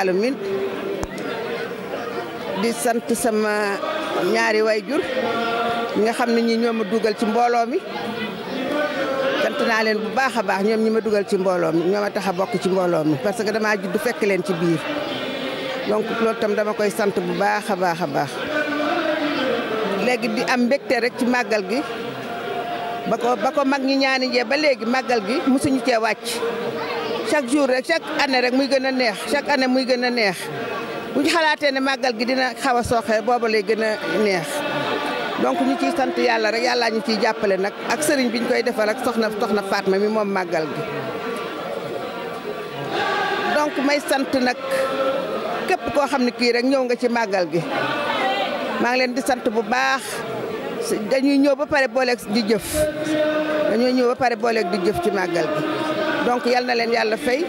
alamin di sant sama ñaari wayjur ñi nga xam ne ñi ñoo ma dugal ci mbooloo mi sant naa leen bu baax a baax ñoom ñi ma dugal ci mbooloo mi ñoo ma tax a bokk ci mbooloo mi parce que damaa judd fekk leen ci biir donc loolu tam dama koy sant bu baax a baax a baax léegi di am mbégte rek ci màggal gi ba ko ba mag ñi ñaani jee ba léegi màggal gi mosuñu cee wàcc chaque jour rek chaque année rek muy gën a neex chaque année muy gën a neex bu ñu xalaatee ne màggal gi dina xaw a sooxee booba gën a neex donc ñu ciy sant yàlla rek yàllaa ñu ciy jàppale nag ak sëriñ bi ñu koy defal ak soxna soxna Fatma mi moom màggal gi donc may sant nag képp koo xam ne kii rek ñëw nga ci màggal gi maa ngi leen di sant bu baax dañuy ñëw ba pare booleeg di jëf dañuy ñëw ba pare booleeg di jëf ci màggal gi donc yal na leen yàlla fay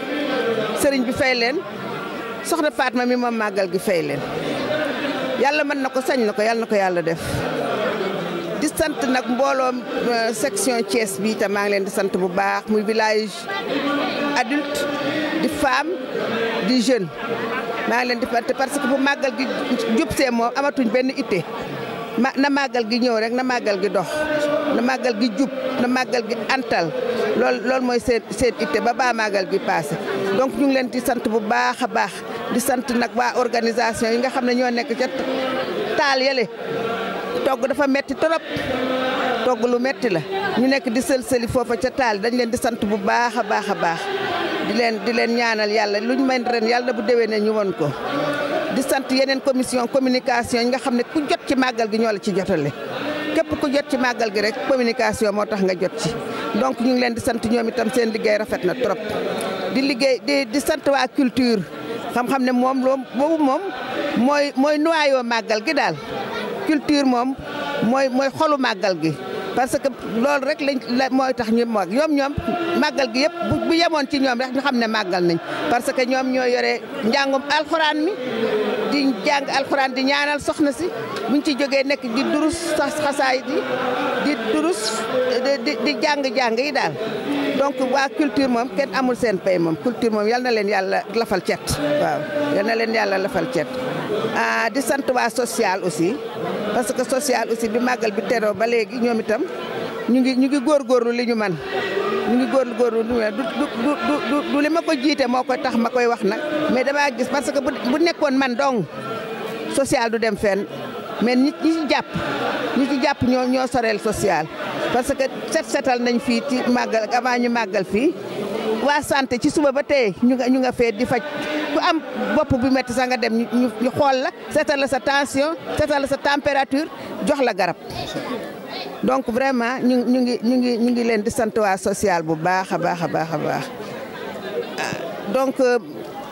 sëriñ bi fay leen soxna Fatma mi moom màggal gi fay leen yàlla mën na ko sañ na ko yàlla na ko yàlla def. di sant nag mbooloom euh, section Thiès bi itam maa ngi leen di sant bu baax muy village adulte di femme di jeune maa ngi leen di parce que bu màggal gi jub see moom amatuñ benn ite na màggal gi ñëw rek na màggal gi dox na màggal gi jub na màggal gi antal lool loolu mooy seen seen itte ba baa màggal gi passé donc ñu ngi leen di sant bu baax a baax di sant nag waa organisation yi nga xam ne ñoo nekk ca taal yale togg dafa metti trop togg lu metti la ñu nekk di sël-sëli foofa ca taal dañ leen di sant bu baax a baax a baax di leen di leen ñaanal yàlla lu ñu mën ren yàlla bu déwee ne ñu won ko di sant yeneen commission communication yi nga xam ne ku jot ci màggal gi ñoo la ci jotale képp ku jot ci màggal gi rek communication moo tax nga jot ci donc ñu ngi leen di sant ñoom itam seen liggéey rafet na trop di liggéey di di sant waa culture xam-xam ne moom loo boobu moom mooy mooy noyau màggal gi daal culture moom mooy mooy xolu màggal gi parce que loolu rek lañ mooy tax ñu moog ñoom ñoom màggal gi yëpp bu yemoon ci ñoom rek ñu xam ne màggal nañ parce que ñoom ñoo yore njàngum alxuraan mi di jàng alxuraan di ñaanal soxna si buñ ci jógee nekk di durus xasaay di di durus di di jàng jàng yi daal. donc waa culture moom kenn amul seen pay moom culture moom yal na leen yàlla lafal cet waaw yal na leen yàlla lafal cet ah di sant waa social aussi parce que social aussi bi màggal bi teroo ba léegi ñoom itam ñu ngi ñu ngi góorgóorlu li ñu man ñu ngi góorgóorlu du du du li ma ko jiite moo koy tax ma koy wax nag mais damaa gis parce que bu nekkoon man dong social du dem fen mais nit ñi jàpp ñi ci jàpp ñoo ñoo soreel social. parce que set setal nañ fii ci màggal avant ñu màggal fii waa santé ci suba ba tey ñu nga ñu nga fee di faj ku am bopp bu métti sax nga dem ñu xool la setal la sa tension setal la sa température jox la garab donc vraiment ñu ñu ngi ñu ngi ñu ngi leen di sant waa social bu baax a baax a baax a baax ah, donc. Euh,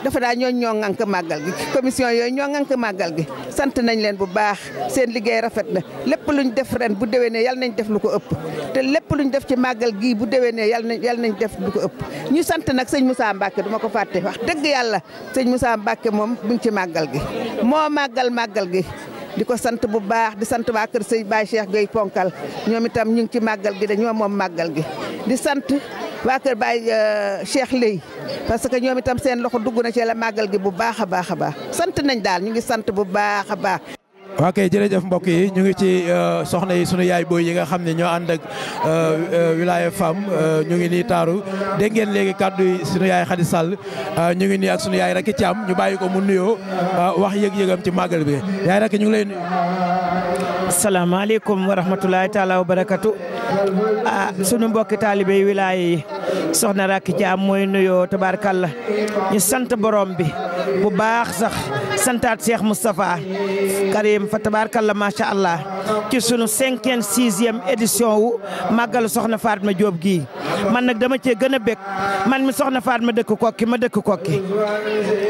defe daal ñoo ñoo ŋànk màggal gi commission yooyu ñoo ŋànk màggal gi sant nañ leen bu baax seen liggéey rafet na lépp lu ñu def ren bu déwénee yal nañ def lu ko ëpp te lépp lu ñu def ci màggal gii bu déwénee yal nañ yal nañ def lu ko ëpp ñu sant nag sëñ Moussa Mbacke duma ko fàtte wax dëgg yàlla sëñ Moussa mbàkke moom buñ ci màggal gi moo màggal màggal gi di ko sant bu baax di sant waa kër sëñ Baye Cheikh Gueye Ponkal ñoom itam ñu ngi ci màggal gi dañoo moom màggal gi waa kër Baay euh, Cheikh Lay parce que ñoom itam seen loxo dugg na ci la màggal gi bu baax a baax a baax sant nañ daal ñu ngi sant bu baax a baax. ok jërëjëf mbokk yi ñu ngi ci euh, soxna yi sunu yaay booy yi nga xam ne ñoo ànd ak euh, wilaya femme ñu ngi nii taaru dégg ngeen léegi kàddu yi sunu yaay Khady Sall ñu ngi nii ak sunu yaay Racky Thiam ñu bàyyi ko mu nuyoo wax yëg-yëgam ci màggal bi yaay Racky ñu ngi lay nuyu. salaamaaleykum wa rahmatulahi taala wa barakatu. ah sunu mbokki taalibe yi wilaaya yi soxna Rakki Caam mooy nuyoo tabaarkalla ñu sant borom bi bu baax sax santaat Cheikh Moustapha Karim fa tabaarkalla macha allah ci sunu cinquante sixième édition wu màggalu soxna Fatma jóob gi man nag dama cee gën a bég man mi soxna Fatma dëkk kokki ma dëkk kokki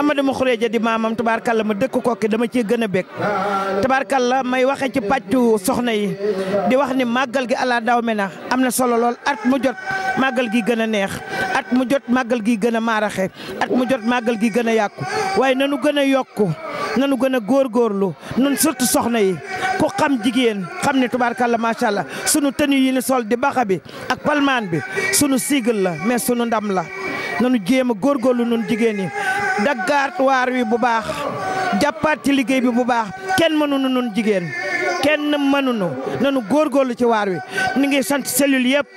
Amadou ma xureeja di maamam tabaarkalla ma dëkk kokki dama cee gën a bég tabaarkalla may waxe ci pàccu soxna yi di wax ni màggal gi ala daw me na am na solo lool at mu jot màggal gi gën a neex at mu jot màggal gi gën a maaraxe at mu jot màggal gi gën a yàqu waaye nanu gën a yokku nanu gën a góor góorlu nun surtout soxna yi ku xam jigéen xam ne tubaarkàlla macha allah sunu tenue yi ni sol di baxa bi ak palmaan bi sunu sigle la mais sunu ndam la nanu jéem a góor góorgóorlu nun jigéen yi daggaat waar wi bu baax jàppaat ci liggéey bi bu baax kenn mënunu nun jigéen kenn mënunu nanu góorgóorlu ci waar wi ni ngi sant cellule yëpp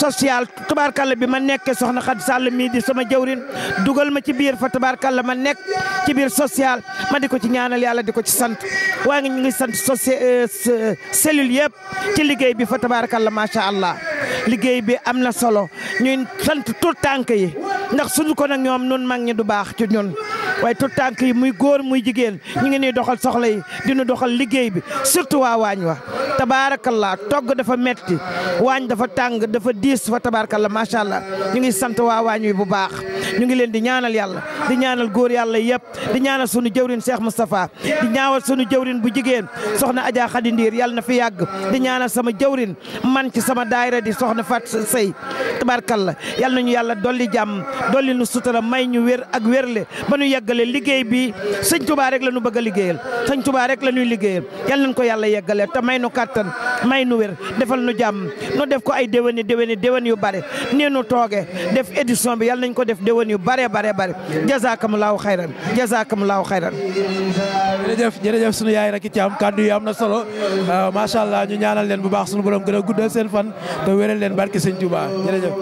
social tubaarkàlla bi ma nekk soxna Xadi Sall mii di sama jawrin dugal ma ci biir fa tubaarkàlla ma nekk ci biir social ma di ko ci ñaanal yàlla di ko ci sant waa ngi ñu ngi sant euh, cellule yëpp ci liggéey bi fa tubaarkàlla macha allah liggéey bi am na solo ñuy sant tout tànk yi ndax suñu ko nag ñoom nun mag ñi du baax ci ñun waaye tout tànk yi muy góor muy jigéen ñu ngi nuy doxal soxla yi dinu doxal liggéey bi surtout waa waañ wa tabaarakallaa togg dafa metti waañ dafa tàng dafa diis fa tabaarakallaa macha allah ñu ngi sant waa waañ wi bu baax ñu ngi leen di ñaanal yàlla di ñaanal góor yàlla yëpp di ñaanal sunu jëwrin Cheikh Moustapha di ñaawal sunu jëwrin bu jigéen soxna Adja Khady yàlla na fi yàgg di ñaanal sama jëwrin man ci sama daayira di soxna Fat Sey tabaarakallaa yàlla nañu yàlla dolli jàmm dolli nu may ñu wér ak wérle yeggale liggéey bi sëñ tubaa rek la ñu bëgg a liggéeyal sëñ tubaa rek la ñuy liggéeyal yal nañ ko yàlla yeggale te may nu kàttan may nu wér defal nu jàmm nu def ko ay déwéni déwéni déwén yu bare nee nu toogee def édition bi yal nañ ko def déwén yu bare bare bare jazaakumullaahu xayran jazaakumullaahu xayran jërëjëf jërëjëf sunu yaay rek ci am kàddu yi am na solo ah, macha allah ñu ñaanal leen bu baax sunu borom gën a guddal seen fan te wéral leen barke sëñ Touba jërëjëf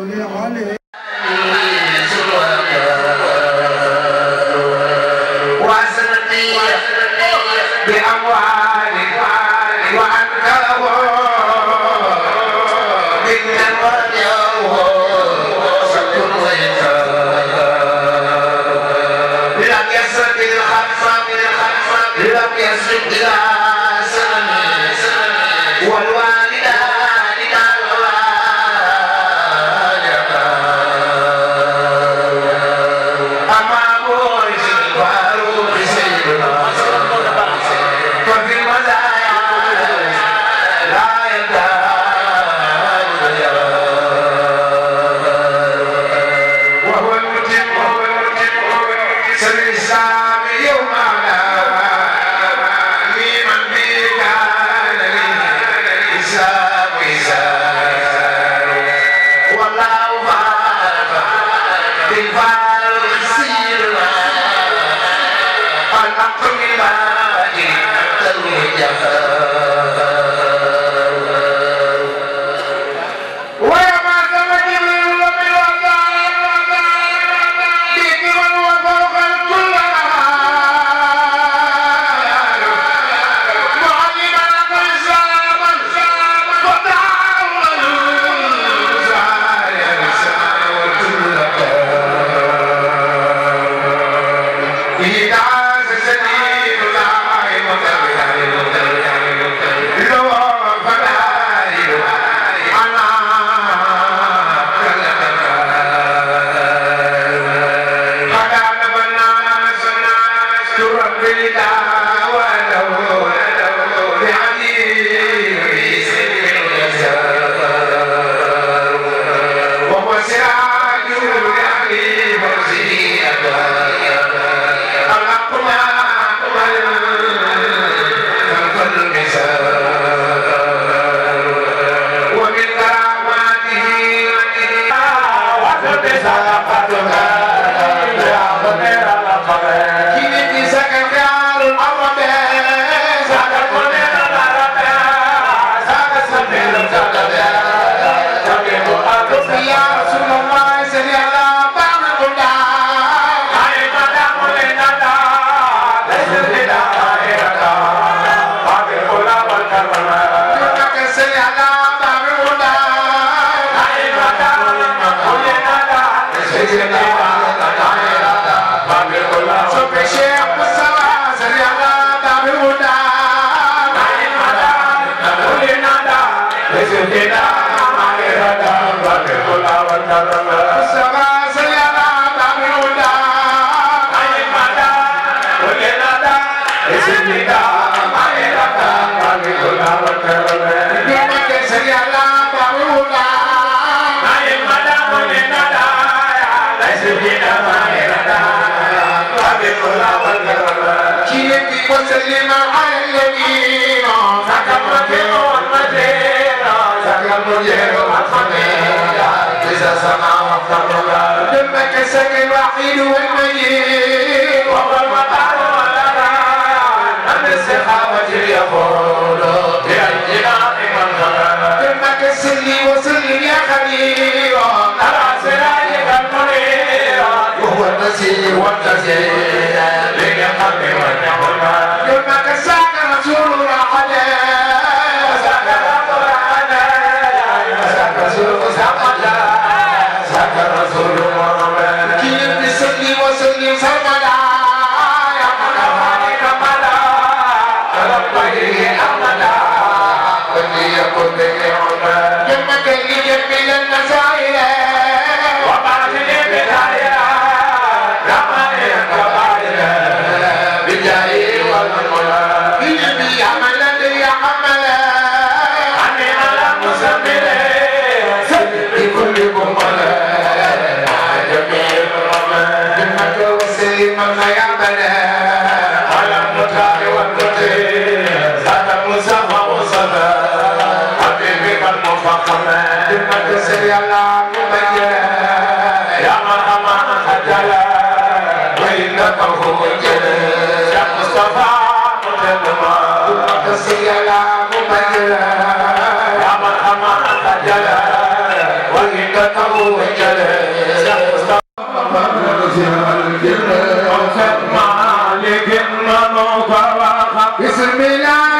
باسمك الوحيد والمجيد وهو المطر ولنا من السحابة يقول بأينا من غرق دمك سلي وسلم يا خليل على سراجك المنير وهو النسير والنسير لقلب من يقول دمك ساك رسول الله بسم الله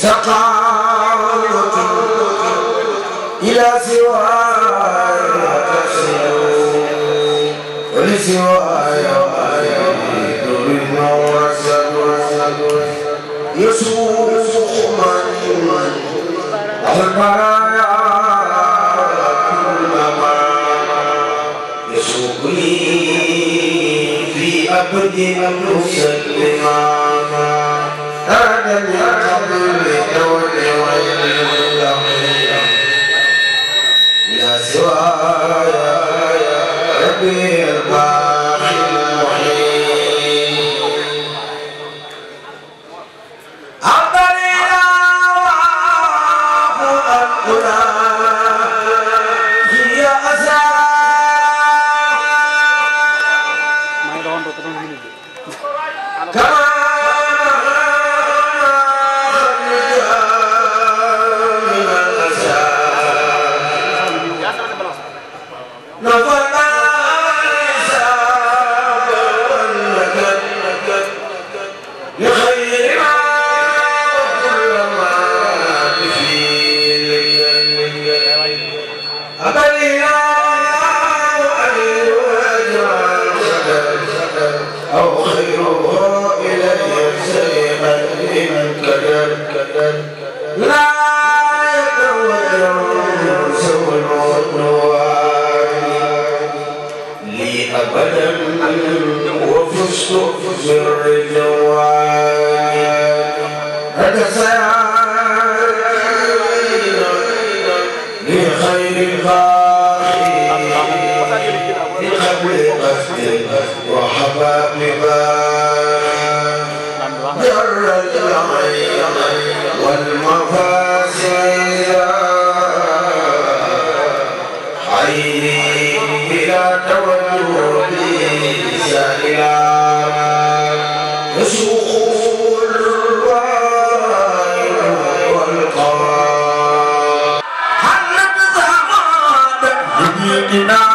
سقاوة إلى سواي تسير ولسواي يسوق من البرايا كلما يسوق لي في أبد أن أسلم Lord, إلى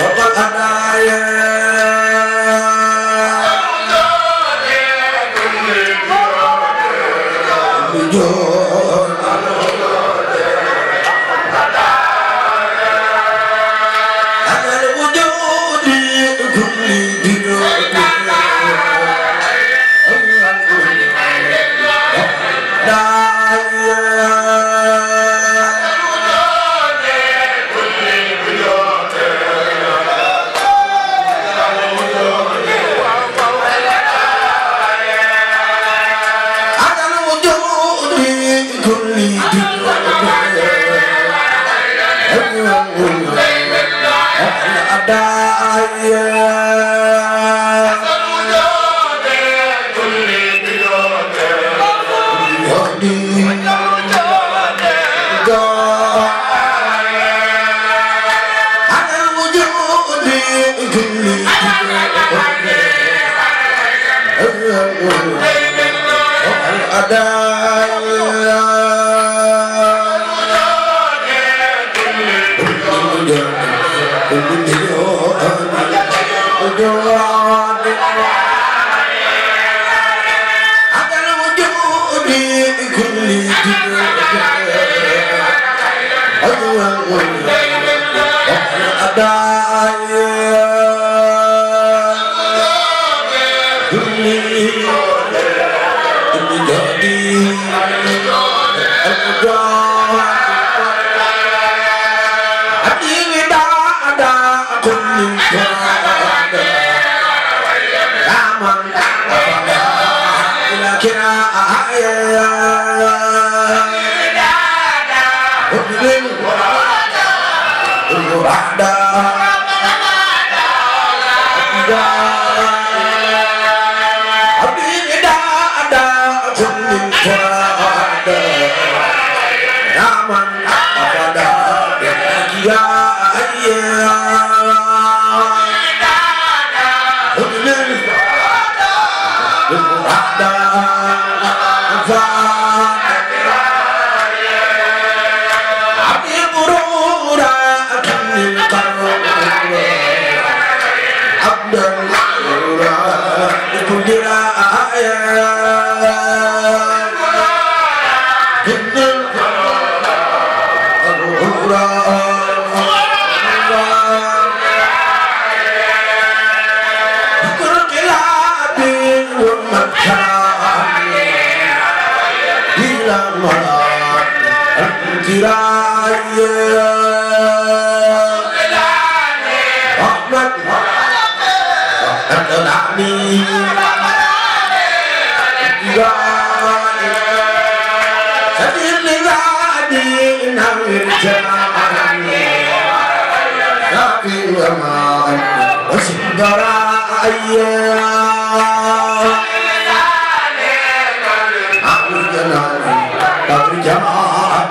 وقد أدايا أدى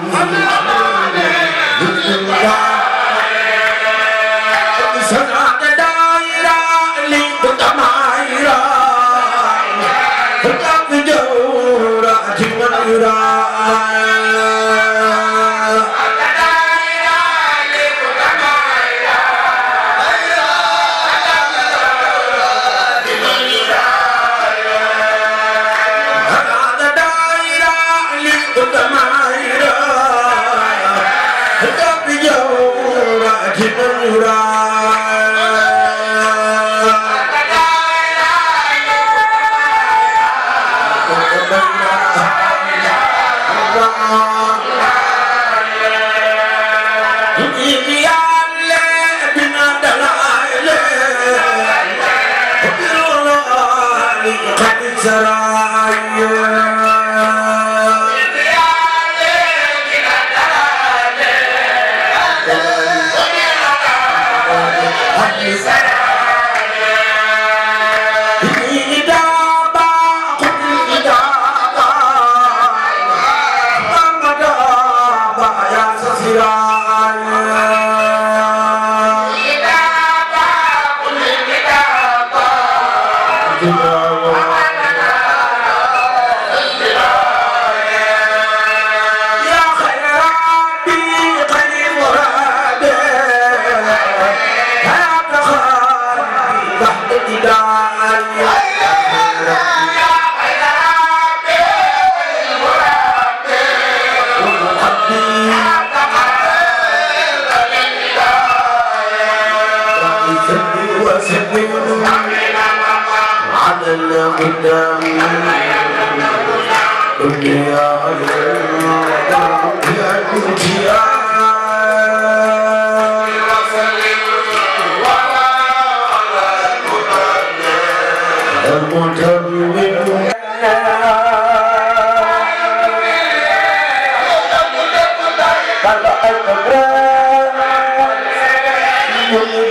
Amin. Thank you.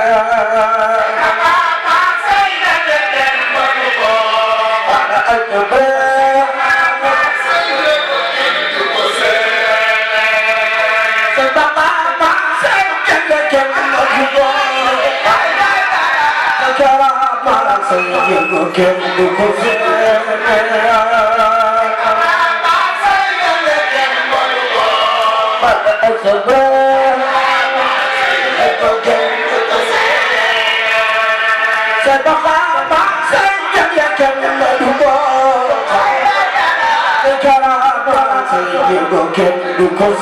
سيدنا كم كفاية Because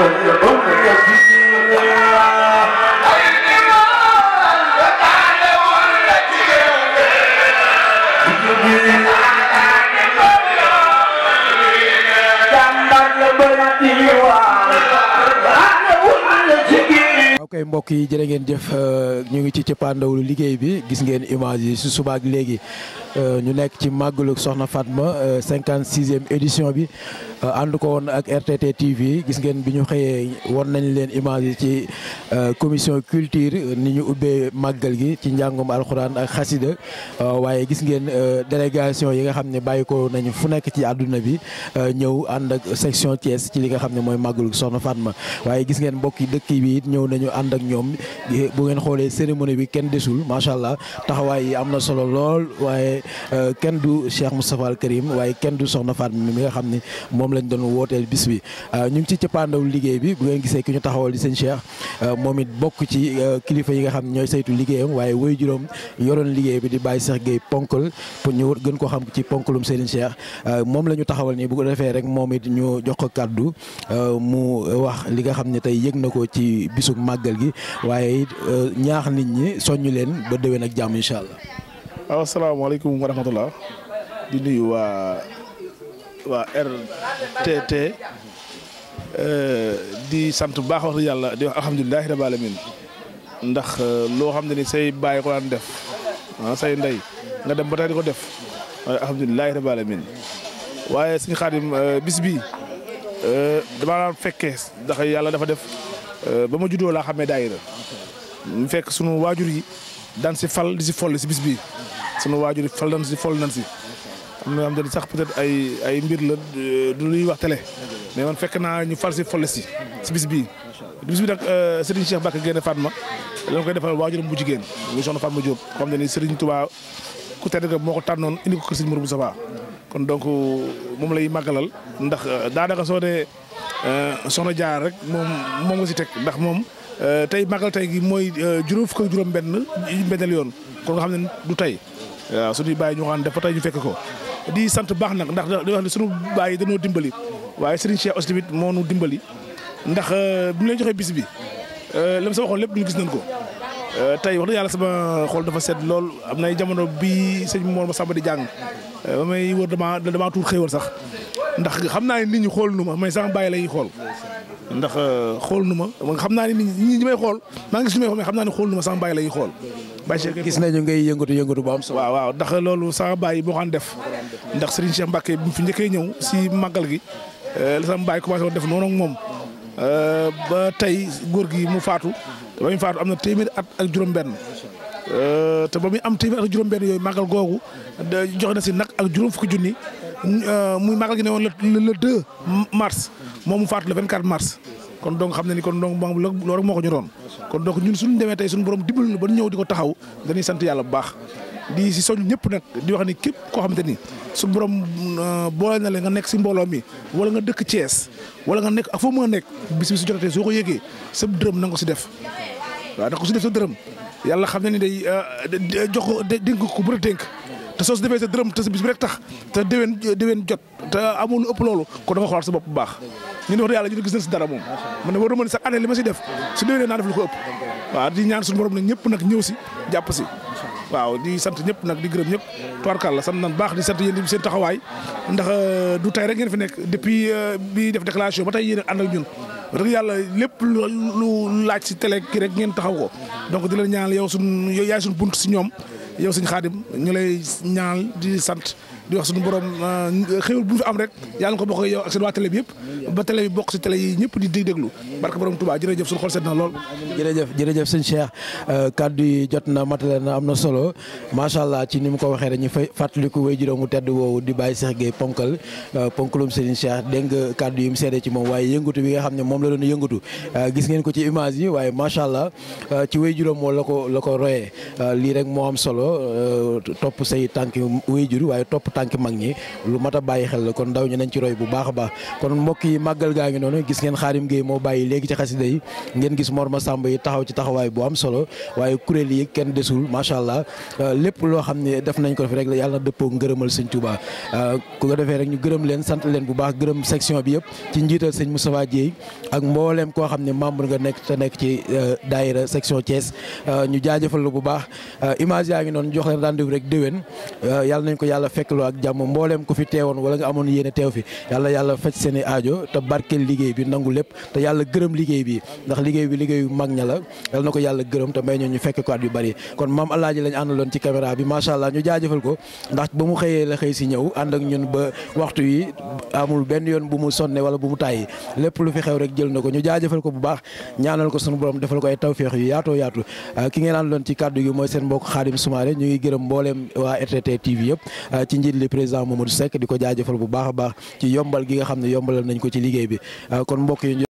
ok mbokk yi jërë ngeen jëf euh, ñu ngi ci ci cëppaandawlu liggéey bi gis ngeen image yi su subaak léegi Euh, ñu nekk ci màggalu Soxna Fatma 56e euh, édition bi euh, ànd ko woon ak RTT TV gis ngeen bi ñu xëyee won nañ leen image ci commission culture ni ñu ubbee màggal gi ci njàngum alxuraan ak xasida waaye gis ngeen délégation yi nga xam ne bàyyi ko nañu fu nekk ci àdduna bi ñëw ànd ak section Thiès ci li nga xam ne mooy màggalu Soxna Fatma waaye gis ngeen mbokki dëkk biit ñëw nañu ànd ak ñoom bu ngeen xoolee cérémonie bi kenn desul macha allah taxawaay yi am na solo lool waaye Euh, kenn du Cheikh Moustapha Al Karim waaye kenn du Soxna Faat bi mi nga xam ne moom lañ doon wooteel bis bi euh, ñu ngi ci cëppaandaw liggéey bi bu nga gisee ki ñu taxawal di seen Cheikh euh, moom it bokk ci kilifa yi nga xam ne ñooy saytu liggéeyam waaye woy juróom yoroon liggéey bi di bàyyi Cheikh Gueye ponkal pour ñu gën ko xam ci ponkalum seeni Cheikh moom la ñu taxawal nii bu ko defee rek moom it ñu jox ko kàddu mu wax li nga xam ne tey yëg na ko ci bisub màggal gi waaye ñaax nit ñi soññu leen ba déwén ak jàmm incha waaw asalaamaaleykum wa rahmatullah di nuyu waa waa RTT eh, di sant bu baax yàlla di wax alhamdulilahi rabbil alamin ndax eh, loo xam ne ni say bàyyi ko def ah say ndey nga dem ba tey di ko def alhamdulilahi rabbil alamin waaye suñu xaadim eh, bis bii dama daan fekkee ndax yàlla dafa def ba ma juddoo laa xamee daayira mu fekk sunu waajur yi daan si fal di si foll si bis bii sunu waajur fal nañ si foll nañ si am na am na sax peut-être ay ay mbir la euh, du luy wax télé mais man fekk naa ñu fal si fole si si bis bii bis bi nag euh, Serigne Cheikh Mbacke Gaïndé ma la koy defal waajuram bu jigéen muy soxna Fatma Diop xam ne ni Serigne Touba ku tedd ga moo ko tànnoon indi ko kër Serigne Mourou Moussa kon donc euh, moom lay màggalal ndax daanaka soo dee Euh, soxna jaar rek moom moom nga si teg ndax moom euh, tey màggal tey gi mooy euh, juróom fukk ak juróom benn benneel yoon kon nga xam ne du tey waaw suñuy bàyyi ñu waxaan dafa tey ko di sant baax na ndax di wax ne suñu bàyyi dañoo dimbali waaye Serigne Cheikh aussi moo nu dimbali ndax bi ñu leen joxee bis bi lam sa waxoon lépp duñu gis nañ ko tey wax dëgg yàlla sama xol dafa sedd lool am na jamono bi sëñ Mor Masamba di jàng ba may wër damaa tuur xéewal sax ndax xam naa ne nit xool nu ma mais sama bàyyi la ñuy xool ndax euh, xool nu ma xam naa ne nit ñi may xool maa ngi su may xool mais xam naa ne xool nu ma sama la ñuy xool gis nañu ngay yëngatu yëngatu bu am solo waaw waaw ndax loolu sama bàyyi boo xam def ndax Serigne Cheikh Mbacke bi mu fi njëkkee ñëw si màggal gi la euh, sama bàyyi commencé woon def noonu ak moom euh, ba tey góor gi mu faatu ba muy faatu am na téeméer at ak juróom-benn te ba muy am téeméer at ak juróom-benn yooyu màggal googu joxe na si nag ak juróom fukki junni Euh, muy magal gi ne woon le le 2 mars moom mu faatu le mars kon donc xam na ni kon donc loolu rek moo ko ñoroon kon donc ñun suñu demee tey suñu borom dimbal na ba ñëw di ko taxaw dañuy sant yàlla bu baax di si soñ ñëpp nag di wax ni képp koo xamante ni su borom euh, boole na la nga nekk si mbooloo mi wala nga dëkk Thiès wala nga nekk ak foo mën nekk bis bi su jotatee soo ko yëgee sa dërëm na nga ko si def waa na ko si def sa dërëm yàlla xam na ni day euh, jox ko dénk ko bu dénk te soo si defee sa dërëm te sa bis bi rek tax te déwén jot te amul ëpp loolu kon da nga xoolaat sa bopp bu ñu ñun wax dëgg yàlla ñu gis nañ si dara moom man ne war na mën sax année li ma si def su déwénee naa def lu ko ëpp waaw di ñaan suñu borom nag ñëpp nag ñëw si jàpp si waaw di sant ñëpp nag di gërëm ñëpp tubaarkàl la sant nan baax di sant yéen di seen taxawaay ndax euh, du tey rek ngeen fi nekk depuis euh, bii def déclaration ba tey yéen ànd ak ñun wax yàlla lépp lu laaj si tele ki rek ngeen taxaw ko donc di leen ñaanal yow suñ yaay suñ bunt si ñoom yow suñ xaadim ñu lay ñaanal di sant di wax suñu borom euh, xéwal bu fi am rek yàlla nga ko bokk yow ak seen waa télé bi yëpp ba télé bi bokk si télé yi ñëpp di di déglu barke borom Touba jërëjëf suñu xol sedd na lool. jërëjëf jërëjëf sëñ Cheikh euh, kaddu yi jot na matale na am na solo macha allah ci ni mu ko waxee rek ñu fay fàttaliku wéy juróomu tedd woowu di bàyyi Cheikh Gueye ponkal euh, ponkalum Serigne Cheikh dégg nga kaddu yi mu seede ci moom waaye yëngatu bi nga xam ne moom la doon yëngatu gis ngeen ko ci image yi waaye macha allah ci wéy juróom moo la ko la ko royee lii rek moo am solo topp say tànk wéy tànk mag ñi lu mat a bàyyi xel la kon ndaw ñi nañ a baax kon euh, loo xam ne def nañ ko fi rek yàlla na dëppoo ngërëmal sëñ Touba euh, ku ko defee rek ñu gërëm leen sant leen bu baax gërëm section bi yëpp ci njiital sëñ Moustapha Dieye ak mbooleem koo xam ne membre nga nekk te nekk ci euh, daayira section Thiès ñu jaajëfal la bu baax image yaa ngi noonu jox leen rendez-vous rek déwén yàlla nañ ko yàlla fekk ak jàmm mbooleem ku fi teewoon wala nga amoon yéene teew fi yàlla yàlla faj seen aajo te barkeel liggéey bi nangu lépp te yàlla gërëm liggéey bi ndax liggéey bi liggéey bu mag ña la ko yàlla gërëm te may ñu fekk ko yu bari kon maam alaaji lañ àndaloon ci caméra bi macha allah ñu ko la xëy si ñëw ànd ak ñun ba waxtu yi benn yoon bu mu sonne wala bu mu tàyyi lépp lu fi xew na ko ñu jaajëfal ko bu baax ñaanal ko sunu borom defal ko ay tawféex yu yaatoo yaatu ah, ki ngeen àndaloon ci kàddu gi mooy seen mbokk Xaadim Soumaré ñu ngi gërëm mbooleem waa RTT TV yëpp ah, ci njiit li président Mamadou Seck di ko jaajëfal bu baax baax ci yombal gi nga xam ne yombalal nañ ko ci liggéey bi euh, kon mbokk yi